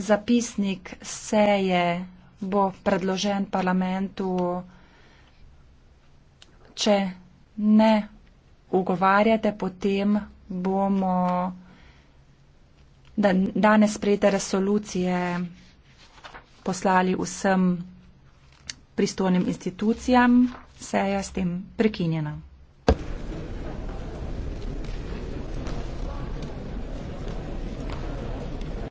zapisnik seje bo predložen parlamentu, če ne ugovarjate, potem bomo danes sprejete resolucije poslali vsem pristojnim institucijam. Seja s tem prekinjena.